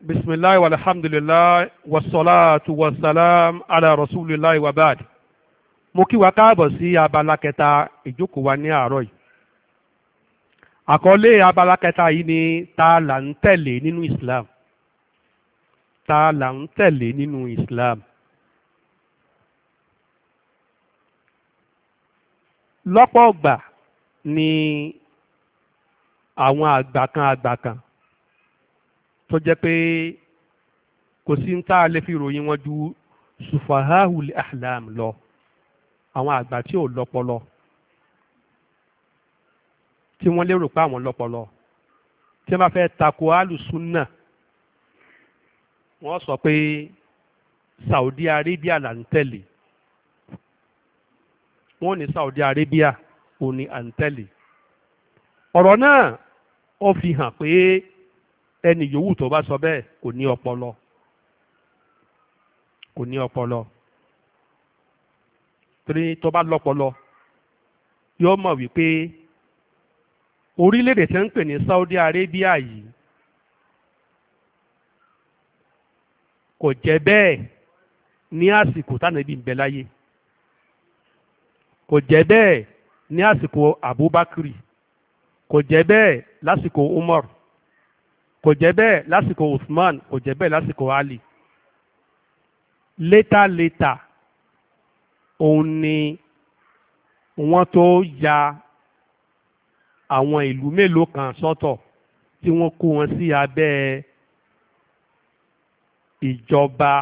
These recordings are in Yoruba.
bisimilahi walhamdulilahi wasalaatu wasalaam ala rasulilahi wabaad mo kí wa káàbọ̀ sí abala kẹta ìjókòó wa ní àárọ̀ yìí àkọlé abala kẹta yìí ni ta là ń tẹ̀lé nínú Islam ta là ń tẹ̀lé nínú Islam lọ́pọ̀ ọgbà ni àwọn àgbà kan àgbà kan tó jẹ́ pé kò sí ń tá a lè fi ròyìn wọn ju sufahahul ahlam lọ àwọn àgbà tí ò lọ́pọlọ tí wọ́n lérò pé àwọn lọ́pọlọ tí wọ́n bá fẹ́ tako alùsùnà wọ́n sọ pé Saudi Arabia là ń tẹ̀lé wọ́n ní Saudi Arabia ò ní à ń tẹ̀lé ọ̀rọ̀ náà ó fi hàn pé ẹni yòówù tó bá sọ bẹ́ẹ̀ kò ní ọpọlọ kò ní ọpọlọ torí tó bá lọ́pọlọ yóò mọ̀ wípé orílẹ̀-èdè tí ń pè ní Saudi Arabia yìí kò jẹ́ bẹ́ẹ̀ ní àsìkò tánàbí ń bẹ láyé kò jẹ́ bẹ́ẹ̀ ní àsìkò Abubakar kò jẹ́ bẹ́ẹ̀ lásìkò Umar kò jẹ́ bẹ́ẹ̀ lásìkò Usman kò jẹ́ bẹ́ẹ̀ lásìkò Ali létà létà òun ni wọ́n tó ya àwọn ìlú mélòó kan sọ́tọ̀ tí wọ́n kó wọn sí abẹ́ ìjọba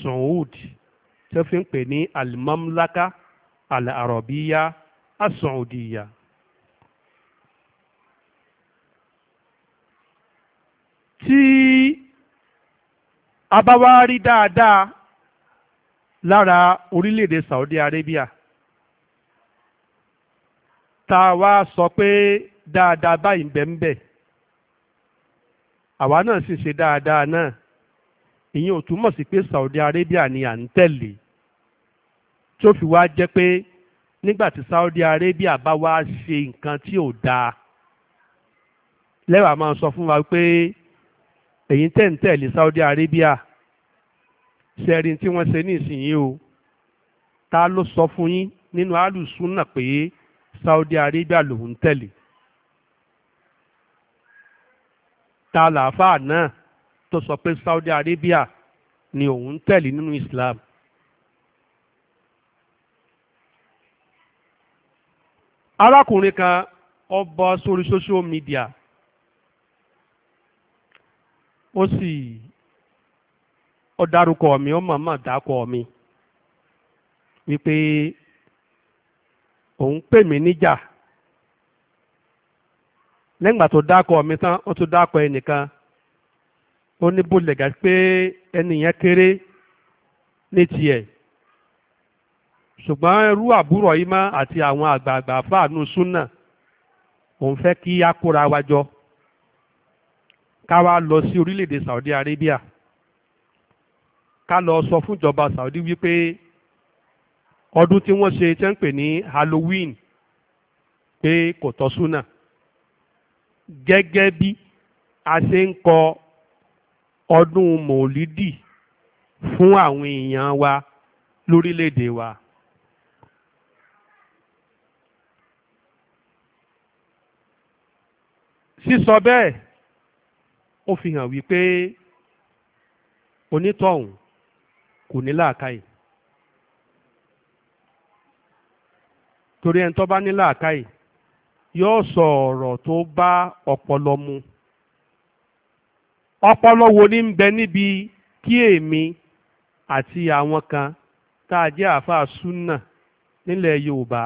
Saudi tó fi ń pè ní alimamlaka alarobiya asaudiya. Al tí a bá wá rí dáadáa lára orílẹ̀-èdè Saudi Arabia tá a wá sọ pé dáadáa báyìí ń bẹ ń bẹ àwa náà sì ṣe dáadáa náà ìyẹn ò túmọ̀ sí pé Saudi Arabia ni à ń tẹ̀lé tí ó fi wá jẹ́ pé nígbà tí Saudi Arabia bá wá ṣe nǹkan tí ò dáa lẹ́wàá máa sọ fún wa pé ẹ̀yin tẹ́ ń tẹ̀lé Saudi Arabia sẹ́rin tí wọ́n ṣe ní ìsìnyí o ta ló sọ fún yín nínú alùsùnà pé Saudi Arabia lòun tẹ̀lé ta làáfàá náà tó sọ pé Saudi Arabia ni òun tẹ̀lé nínú Islam. arákùnrin kan ó bọ́ sórí social media ó sì ọ dárúkọ mi ọ màmá dákọ mi wípé òun pè mí níjà lẹ́yìn ìgbà tó dákọ mi tán ó tún dákọ ẹnìkan ó ní bó lẹ̀gà pé ẹni yẹn kéré ní tiẹ̀ ṣùgbọ́n irú àbúrò yìí má àti àwọn àgbààgbà fáànù súnà òun fẹ́ kí á kóra wa ká wá lọ sí orílẹ̀-èdè Saudi Arabia ká lọ sọ fún Saudi wípé ọdún tí wọ́n ṣe tẹ́ ń pè ní Halloween pé kò tọ́ súnà gẹ́gẹ́ bí a ṣe ń kọ ọdún mòlídì fún àwọn èèyàn wa lórílẹ̀‐èdè wa. sísọ bẹ́ẹ̀ ó fi hàn wípé onítọ̀hún kò ní làákàyè torí ẹni tó bá ní làákàyè yóò sọ ọ̀rọ̀ tó bá ọpọlọ mu ọpọlọ wo ni ń bẹ níbi kí èmi àti àwọn kan tá a jẹ́ àáfàá súnà nílẹ̀ Yorùbá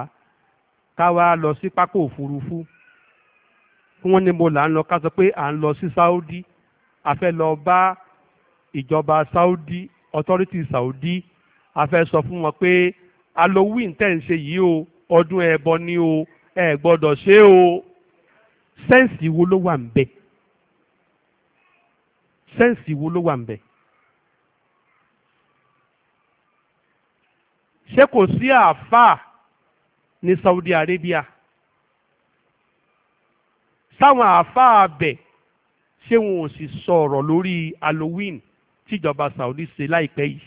ká wá lọ sí pápá òfurufú wọ́n ní mo là ń lọ ká sọ pé à ń lọ sí Saudi. Si a fẹ́ lọ bá ìjọba Saudi authority Saudi a fẹ́ sọ fún wọn pé Halloween tẹ̀ ń ṣe yìí o ọdún ẹ̀bọ ni o ẹ gbọ́dọ̀ ṣe o sẹ́ǹsì wo ló wà ń bẹ sẹ́ǹsì wo ló wà ń bẹ. ṣé kò sí àáfàá ní Saudi Arabia sáwọn àáfàá bẹ̀ ṣé wọn ò sì sọ̀rọ̀ lórí Halloween tíjọba Saudi ṣe láìpẹ́ yìí.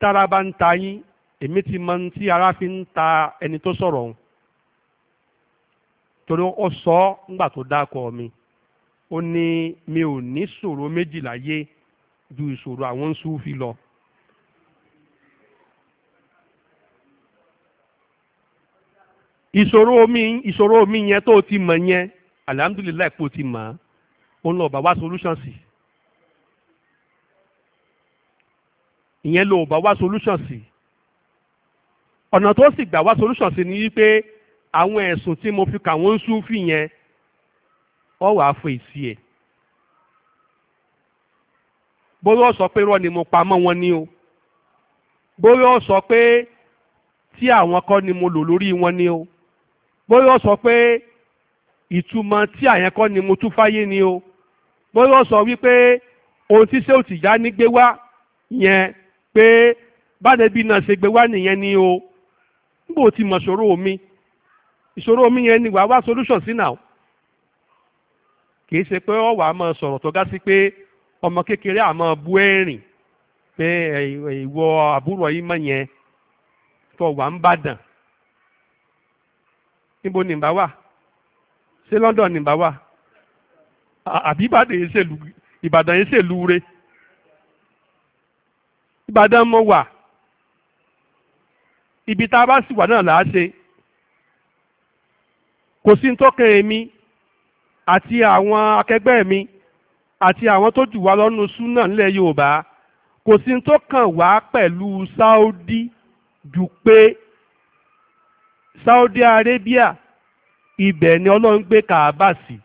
tára bá ń ta yín èmi ti mọ ní tí ara fi ń ta ẹni tó sọ̀rọ̀ ọ̀hún torí ó sọ ọ́ nígbà tó dákọ̀ mi ó ní mi ò ní ṣòro méjì láyé ju ìṣòro àwọn Súfì lọ. ìṣòro mi ìṣòro mi yẹn tó ti mọ̀ yẹn alihamudulilayi kò ti mọ̀ ó ń lọ bá wá solution sí ìyẹn ló bá wá solution sí ọ̀nà tó sì gbà wá solution sí ni wípé àwọn ẹ̀sùn tí mo fi kà wọ́n ń sún fì yẹn ọ wàá fọ èsì ẹ̀ bóyá ó sọ pé irọ́ ni mo pa mọ́ wọn ni o bóyá ó sọ pé tí àwọn kọ́ ni mo lò lórí wọn ni o. bóyá ó sọ pé ìtumọ̀ tí àyẹn kọ́ ni mo tún fáyé ni o bóyá ó sọ wípé ohun tí sèwù tìjà ní gbé wá yẹn pé bádẹ́bí náà ṣe gbé wá nìyẹn ni o níbo ti mọ̀ ṣòro omi, ìṣòro omi yẹn ni wàá wá solution sí náà kì í ṣe pé ọ wàá máa sọ̀rọ̀ tó ga sí pé ọmọ kékeré àmọ́ bú ẹ̀rìn pé ìwọ àbúrò yìí mọ̀ yẹn tó wà ń bàdàn níbo ni ìbá wà ṣé London ni ìbá wà àbí Ìbàdàn yìí ṣèlú Ìbàdàn yìí ṣèlú re Ìbàdàn mo wà ibi tá a bá sì wà náà là á ṣe kò sí tọ́kàn èmi àti àwọn akẹgbẹ́ mi àti àwọn tó jù wá lọ́nu súnà nílẹ̀ Yorùbá kò sí ń tọ́kàn wá pẹ̀lú Saudi ju pé Saudi Arabia ibẹ̀ ni ọlọ́run gbé kàábà sí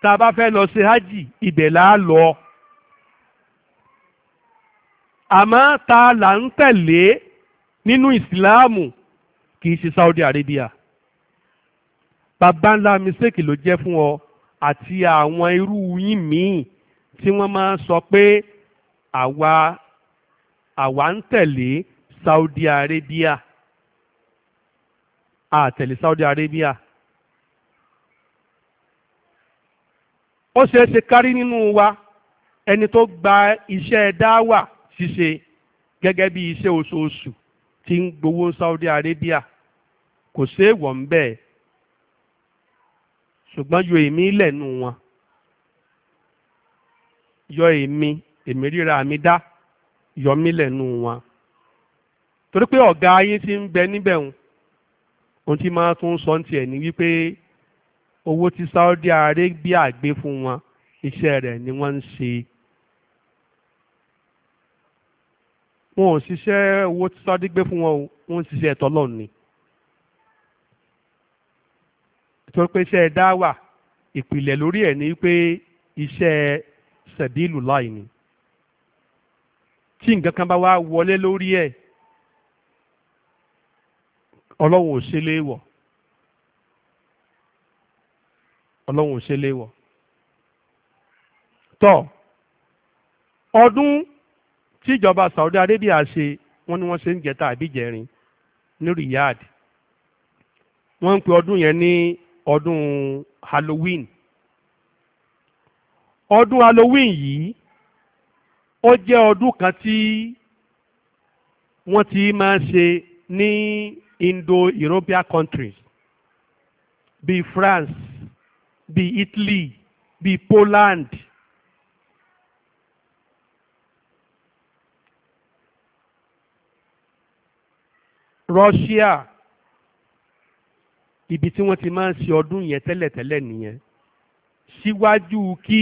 tá a bá fẹ́ lọ ṣe hajj ibẹ̀ là á lọ àmọ́ ta là ń tẹ̀lé nínú ìsìláàmù kì ṣe Saudi Arabia bàbá ńlá mistake ló jẹ́ fún ọ àti àwọn irú yín míì tí wọ́n máa ń sọ pé àwa àwa ń tẹ̀lé Saudi Arabia. a àtẹ̀lé Saudi Arabia ó ṣeé ṣe kárí nínú wa ẹni tó gba iṣẹ́ dáwà ṣíṣe gẹ́gẹ́ bí iṣẹ́ oṣooṣù tí ń gbowó Saudi Arabia kò séèwọ̀ ń bẹ́ẹ̀ ṣùgbọ́n yọ èmi lẹ́nu wọn yọ èmi èmi ríra mi dá yọ mí lẹ́nu wọn torí pé ọ̀gá ayé ti ń bẹ níbẹ̀ ń ohun tí máa tún sọ tiẹ̀ ni wípé owó tí Saudi Arabia gbé fún wọn iṣẹ́ rẹ̀ ni wọ́n ń ṣe. wọn ò ṣiṣẹ́ owó tí Saudi gbé fún wọn o wọ́n ń ṣiṣẹ́ ẹ̀tọ́ lọ́nù ni. torí pé iṣẹ́ ẹ̀dá wà ìpìlẹ̀ lórí ẹ̀ ni pé iṣẹ́ sẹ̀bílù láì ni. tí nǹkan kan bá wá wọlé lórí ẹ̀ ọlọ́run ò ṣe léèwọ̀ ọlọ́run ò ṣe léèwọ̀ tọ́ ọdún tíjọba Saudi Arabia ṣe wọ́n ní wọ́n ṣe ń jẹta àbíjẹrin ní Riyadh wọ́n ń pe ọdún yẹn ní ọdún Halloween ọdún Halloween yìí ó jẹ́ ọdún kan tí wọ́n ti máa ṣe ní Indo-European countries be France be Italy be Poland Russia ibi tí wọ́n ti máa ń ṣe ọdún yẹn tẹ́lẹ̀tẹ́lẹ̀ nìyẹn síwájú kí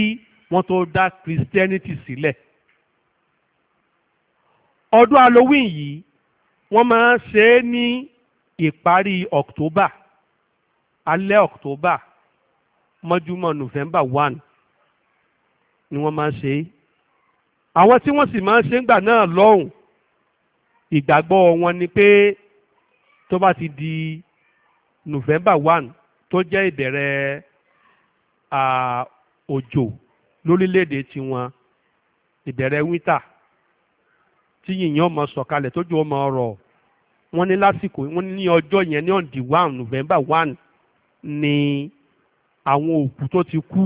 wọ́n tó dá Christianity sílẹ̀ ọdún Halloween yìí wọ́n máa ń ṣe é ní ìparí October alẹ́ October mọ́júmọ́ November one ni wọ́n máa ń ṣe é àwọn tí wọ́n sì máa ń ṣe ńgbà náà lọ́hùn ìgbàgbọ́ wọn ni pé tó bá ti di November one tó jẹ́ ìbẹ̀rẹ̀ òjò lórílẹ̀‐èdè tiwọn ìbẹ̀rẹ̀ winter tí yìnyín ọmọ sọ̀kalẹ̀ tójú ọmọ ọrọ̀ wọ́n ní lásìkò wọ́n ní ọjọ́ yẹn ní on the one November one ni àwọn òkú tó ti kú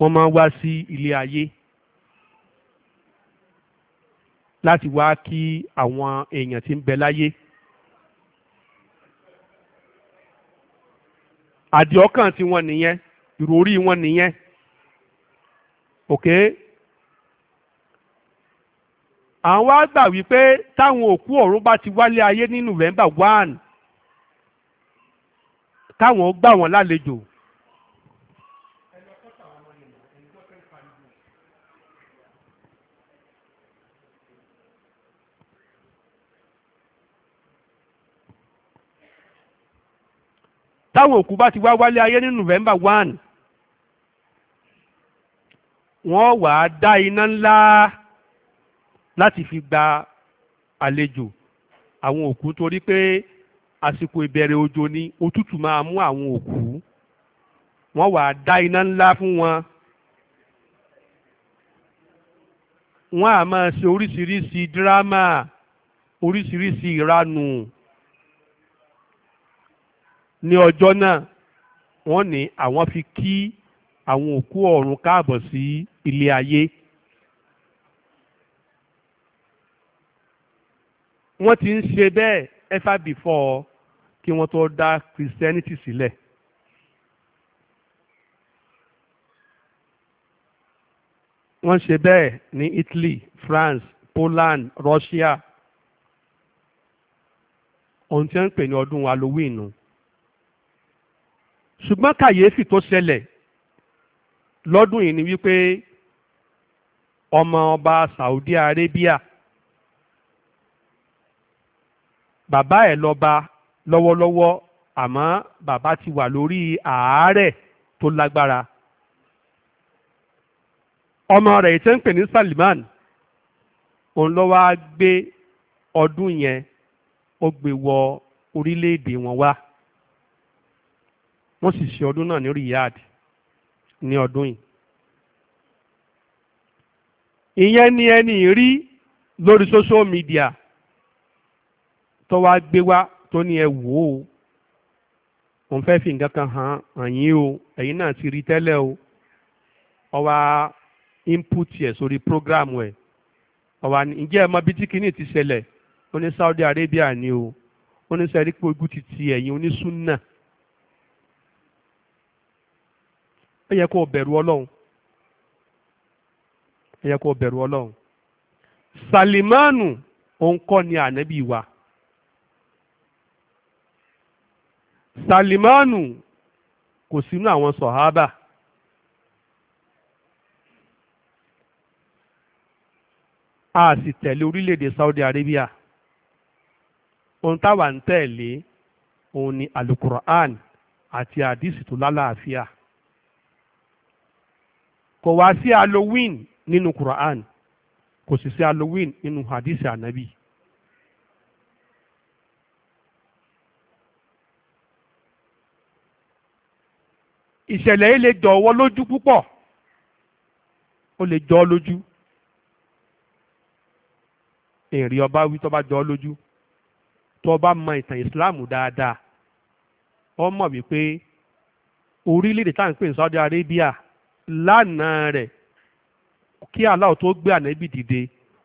wọ́n máa wá sí ilé ayé láti wá kí àwọn èèyàn tí ń bẹ láyé. àdìọ́kàn tiwọn nìyẹn ìròrí wọn nìyẹn òkè. Okay? àwọn wá gbà wípé táwọn òkú ọ̀run bá ti wálé ayé ní nùfẹ̀mbà one káwọn gbà wọ́n lálejò. táwọn òkú bá ti wá wálé ayé ní November one wọ́n wàá dá iná ńlá láti fi gba àlejò àwọn òkú torí pé àsìkò ìbẹ̀rẹ̀ òjò ni òtútù máa mú àwọn òkú wọ́n wàá dá iná ńlá fún wọn wọ́n á máa ṣe oríṣiríṣi dírámà oríṣiríṣi ìranù ní ọjọ́ náà wọ́n ní àwọn fi kí àwọn òkú ọ̀run káàbọ̀ sí ilé ayé. wọ́n ti ń ṣe bẹ́ẹ̀ ever before kí wọ́n tó dá Christianity sílẹ̀. wọ́n ṣe bẹ́ẹ̀ ní Italy, France, Poland, Russia ohun tí wọ́n ń pè ní ọdún Halloween nù. ṣùgbọ́n kàyéfì tó ṣẹlẹ̀ lọ́dún yìí ni wípé ọmọ ọba Saudi Arabia bàbá ẹ̀ lọ́ba lọ́wọ́lọ́wọ́ àmọ́ bàbá ti wà lórí àárẹ̀ tó lágbára ọmọ rẹ̀ ìtẹ́ ń pè ní Salman òun ló wá gbé ọdún yẹn ó gbé wọ orílẹ̀-èdè wọn wá wọ́n sì ṣe ọdún náà ní Riyadh ní ọdún yìí ìyẹn ni ẹni rí lórí social media tó wá gbé wá tó ní ẹ wò ó òun fẹ́ fi nǹkan kan hàn àyín o ẹ̀yin náà ti rí tẹ́lẹ̀ o ọwá input ẹ̀ sórí program ẹ̀ ọwá ǹjẹ́ ẹ mọ bí tí kinní ti ṣẹlẹ̀ ó ní Saudi Arabia ni o ó ní sẹ́rí pé ojú ti ti ẹ̀yin onísùnnà ó yẹ kó o bẹ̀rù ọlọ́run ó yẹ kó o bẹ̀rù ọlọ́run Salimanu òun kọ́ ni ànábì wa. Salimanu kò sínú àwọn sọ̀hábà. a sì tẹ̀lé orílẹ̀-èdè Saudi Arabia ohun táwa ń tẹ̀lé òun ni alukur'an àti àdìsí tó lálàáfíà kò wá sí halloween nínú kur'an kò sì sí halloween nínú àdìsí ànábì. ìṣẹ̀lẹ̀ yìí lè jọ ọwọ́ lójú púpọ̀ ó lè jọ ọ́ lójú èrè ọba wí tó bá jọ ọ́ lójú tó o bá mọ ìtàn ìsìláàmù dáadáa ọ mọ̀ wípé orílẹ̀-èdè tá à ń pè ní Saudi Arabia lánàá rẹ̀ kí Allah tó gbé ànábì dìde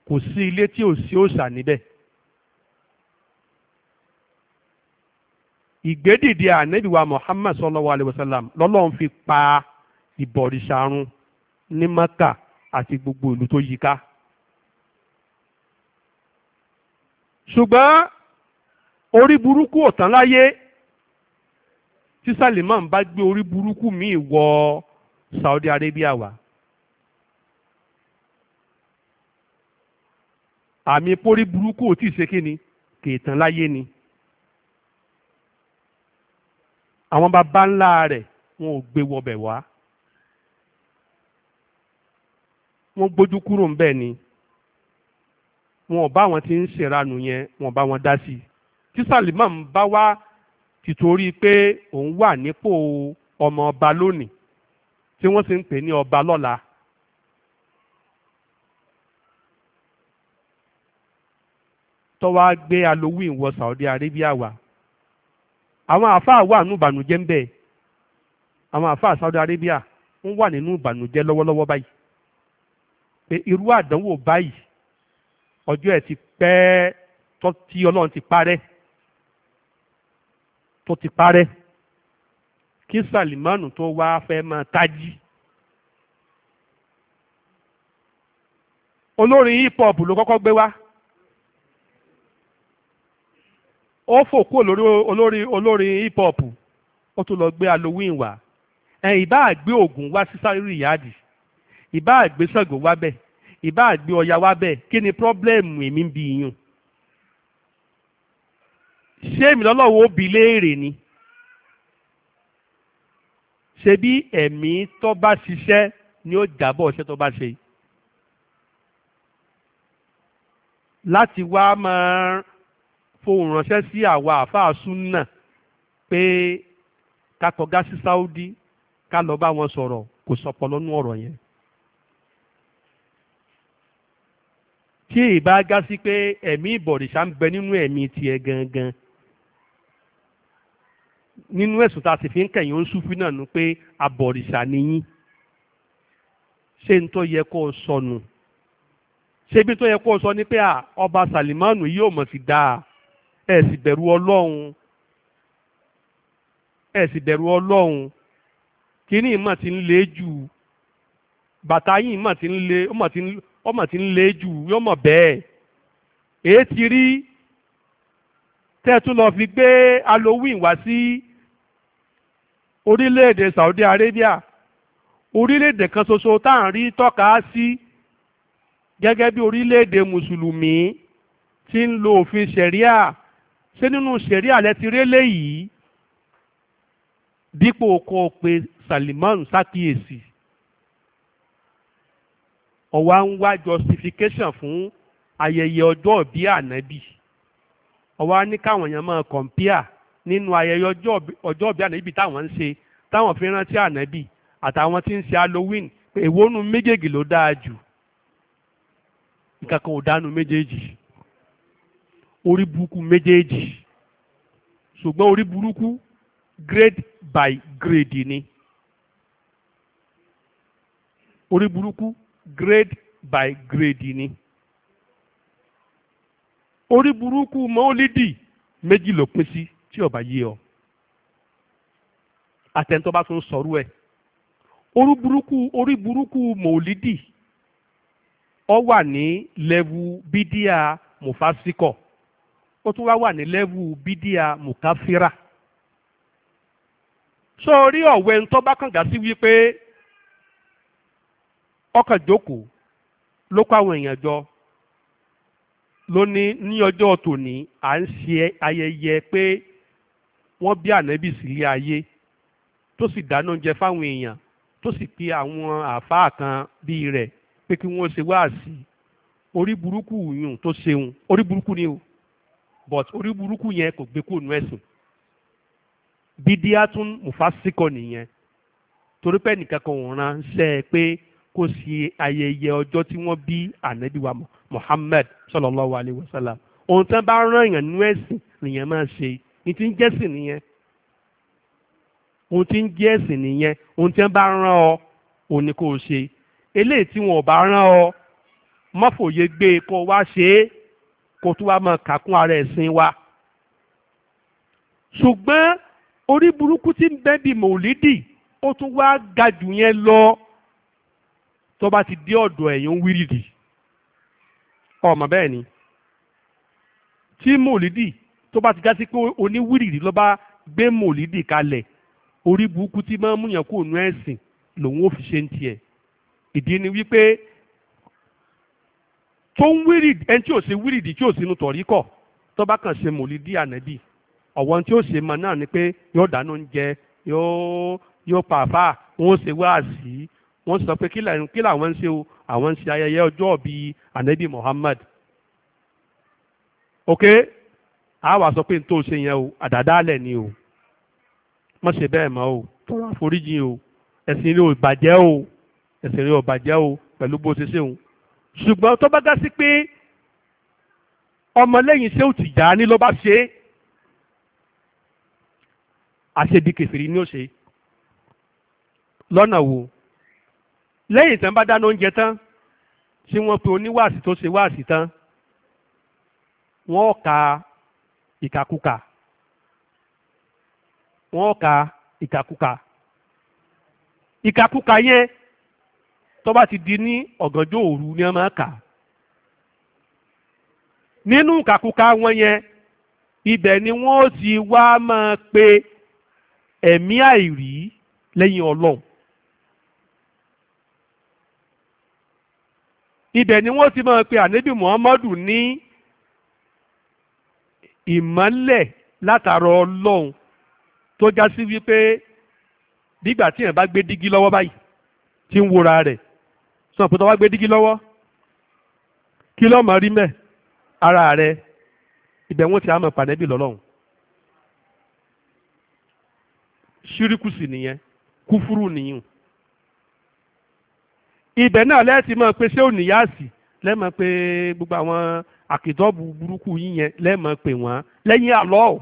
kò sí ilé tí ò sí òòṣà níbẹ̀ ìgbédìde ànábìwá Muhammad sallallahu alayhi wa sallam lọ́lọ́run fi pa ìbọ̀rìṣà run ní Maka àti gbogbo ìlú tó yí ká. ṣùgbọ́n orí burúkú ọ̀tán láyé tí Salimán bá gbé orí burúkú míì wọ Saudi Arabia wá. àmì pórí burúkú ò tí ṣe kí ni kì í tán láyé ni. àwọn baba ńlá rẹ̀ wọn ò gbé wọbẹ̀ wá wọn gbójú kúrò ń bẹ̀ ni wọn ò bá wọn ti ń ṣèranù yẹn wọn ò bá wọn dá sí i tí Salimam bá wá tìtorí pé òun wà nípò ọmọ ọba lónìí tí wọ́n sì ń pè ní ọba lọ́la. tó gbé halloween wọ Saudi Arabia wa. àwọn àáfàá wà nínú ìbànújẹ́ ń bẹ̀ àwọn Saudi Arabia ń wà nínú ìbànújẹ́ lọ́wọ́lọ́wọ́ báyìí pé irú àdánwò báyìí ọjọ́ ẹ̀ ti pẹ́ tí Ọlọ́run ti parẹ́ tó ti parẹ́ kí Salimanu tó wá fẹ́ máa tají. olórin hip hop ló kọ́kọ́ gbé wá ó fò kúrò lórí olórí olórí hip hop ó tún lọ gbé halloween wá ẹn ìbá àgbé Ògún wá sí sáré ìyáàdì ìbá àgbé Ṣàngó wá bẹ́ẹ̀ ìbá àgbé Ọya wá bẹ́ẹ̀ kí ni pírọ́blẹ́mù èmi ń bi yín ṣé èmi lọ́lọ́wọ́ ó bi léèrè ni ṣebí ẹ̀mí tó bá ṣiṣẹ́ ni ó jábọ̀ ṣe tó bá ṣe láti wá máa fohùn ránṣẹ́ sí àwa àfáà súnà pé ká kọgá sí Saudi ká lọ bá wọn sọ̀rọ̀ kò sọpọ̀ lọ́nú ọ̀rọ̀ yẹn. tí ìbá gá sí pé ẹ̀mí ìbọ̀rìṣà ń bẹ nínú ẹ̀mí tiẹ̀ gangan nínú ẹ̀sùn tá a sì fi ń kẹ̀yìn oṣùfì náà nu pé abọ̀rìṣà nìyí ṣé n tó yẹ kó o sọnù ṣé bí tó yẹ kó o sọ ni pé ọba Sàlìmánù yóò mọ̀ sí dáa ẹ sì bẹ̀rù ọlọ́run ẹ sì bẹ̀rù ọlọ́run kíní ìmọ̀ ti ń le jù bàtà yìí ìmọ̀ ti ń le ọmọ ti ń le jù yọmọ bẹ́ẹ̀ èé ti rí tẹ́tún lọ fi gbé halloween wá sí orílẹ̀-èdè Saudi Arabia orílẹ̀-èdè kan ṣoṣo tá à ń rí tọ́ka sí gẹ́gẹ́ bí orílẹ̀-èdè mùsùlùmí tí ń lo òfin ṣẹ̀ríà ṣé nínú ṣẹ̀rí àlẹ́ ti rélé yìí dípò kó o pe Salimon ṣàkíyèsí ọ̀wá ń wá justification fún ayẹyẹ ọjọ́ ìbí ànábì ọ̀wá ní káwọn èèyàn máa compare nínú ayẹyẹ ọjọ́ ìbí ànábì táwọn ń ṣe táwọn fi rántí ànábì àtàwọn tí ń ṣe Halloween èwo nu méjèèjì ló dáa jù nǹkan kan ò dánu méjèèjì orí burúkú méjèèjì ṣùgbọ́n orí burúkú grade by grade ni orí burúkú grade by grade ni orí burúkú mọ́lídì méjì ló pín sí tí ó bá yé ọ àtẹ̀ntọ́ bá tún sọ̀rọ̀ ẹ̀ orí burúkú orí burúkú mọ́lídì ó wà ní lẹ́wù bídíà mufasiko ó tún wá wà ní lẹ́wù bídíà mùkáfíra so orí ọ̀wẹ́ ń tọ́ bá kàngá sí wípé ọkàn jókòó ló kó àwọn èèyàn jọ ló ní ní ọjọ́ tòní à ń ṣe ayẹyẹ pé wọ́n bí ànábì sílé ayé tó sì dáná oúnjẹ fáwọn èèyàn tó sì pe àwọn àáfàá kan bíi rẹ̀ pé kí wọ́n ṣe wáàsí orí burúkú yùn tó ṣeun orí burúkú ni o but orí burúkú yẹn kò gbé kúrò nú ẹ̀sìn bídíà tún mùfásíkọ nìyẹn torí pé nìkan kan ò ránṣẹ́ pé kó ṣe ayẹyẹ ọjọ́ tí wọ́n bí ànábì wa Muhammad sallallahu alayhi wa sallam ohun tí wọ́n bá rán èèyàn nú ẹ̀sìn nìyẹn máa ṣe ní ti ń jẹ́sìn nìyẹn ohun tí ń jẹ́ nìyẹn ohun tí wọ́n bá rán ọ òun ni kò ṣe eléyìí tí wọn ò bá rán ọ mọ́fòye gbé e kó wá ṣe é kó tún wá máa kàkún ara ẹ̀sìn wa. ṣùgbọ́n orí burúkú tí ń bẹ́ bí mòlídì ó tún wá ga jù yẹn lọ tó bá ti dé ọ̀dọ̀ ẹ̀yìn wíìrìdì ọmọ bẹ́ẹ̀ ni tí mòlídì tó bá ti já sí pé oníwíìrìdì ló bá gbé mòlídì kalẹ̀ orí burúkú tí máa ń múyàn kó nu ẹ̀sìn lòun ò fi ṣe ń tiẹ̀ ìdí ni wípé tó ń wírìdì ẹni tí ò ṣe wírìdì tí ò sínú tọ̀rí kọ̀ tó bá kàn ṣe mòlídìí ànábì ọ̀wọ́n tí ó ṣe mọ náà ni pé yóò dáná oúnjẹ yóò yóò pàfà wọn ó ṣe wáàsí wọn sọ pé kí làwọn ń ṣe o àwọn ń ṣe ayẹyẹ ọjọ́ bíi ànábì Muhammad ok a wà sọ pé n tó ṣe yẹn o àdàdálẹ̀ ni o má ṣe bẹ́ẹ̀ mọ́ o tọrọ àforíjì o ẹ̀sìn rẹ̀ ò bàjẹ́ o ẹ̀sìn rẹ̀ ò bàjẹ́ o pẹ̀lú bó ṣe ṣe òun ṣùgbọ́n tó bá dá sí pé ọmọlẹ́yìn ṣé ò tì já ní ló bá ṣe é àṣebí kẹfìrí ni ó ṣe lọ́nà wo lẹ́yìn tán bá dáná oúnjẹ tán tí wọ́n pe oníwàásì tó ṣe wàásì tán wọ́n ka ìkàkùkà wọ́n ka ìkàkùkà ìkàkùkà yẹn tó bá ti di ní ọ̀gànjọ́ òru ni wọ́n máa kà nínú kàkúkà wọn yẹn ibẹ̀ ni wọ́n ó ti wá máa pe ẹ̀mí àìrí lẹ́yìn ọlọ́run ibẹ̀ ni wọ́n ti máa pe ànábì muhammadu ní ìmọ́lẹ̀ látara ọlọ́run tó já sí wípé nígbà tí èèyàn bá gbé dígí lọ́wọ́ báyìí tí ń wora rẹ̀ sọ pé tọ́wá gbé dígí lọ́wọ́ kí ló máa rí mẹ́ ara rẹ ibẹ̀ wọ́n ti àmọ̀ pàdébì lọ́lọ́run ṣíríkù sì nìyẹn kúfúrú nìyẹn ibẹ̀ náà lẹ́ẹ̀tì máa pe ṣé òníyàsì lẹ́ẹ̀mọ̀ pé gbogbo àwọn àkìtọ́ọ̀bù burúkú yín yẹn lẹ́ẹ̀mọ̀ pé wọ́n lẹ́yìn àlọ́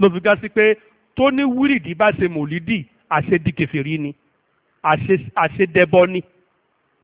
ló fi gá sí pé tó ní wúrìdì bá ṣe mòlídì àṣedìkèfèrí ni àṣedẹbọ ni.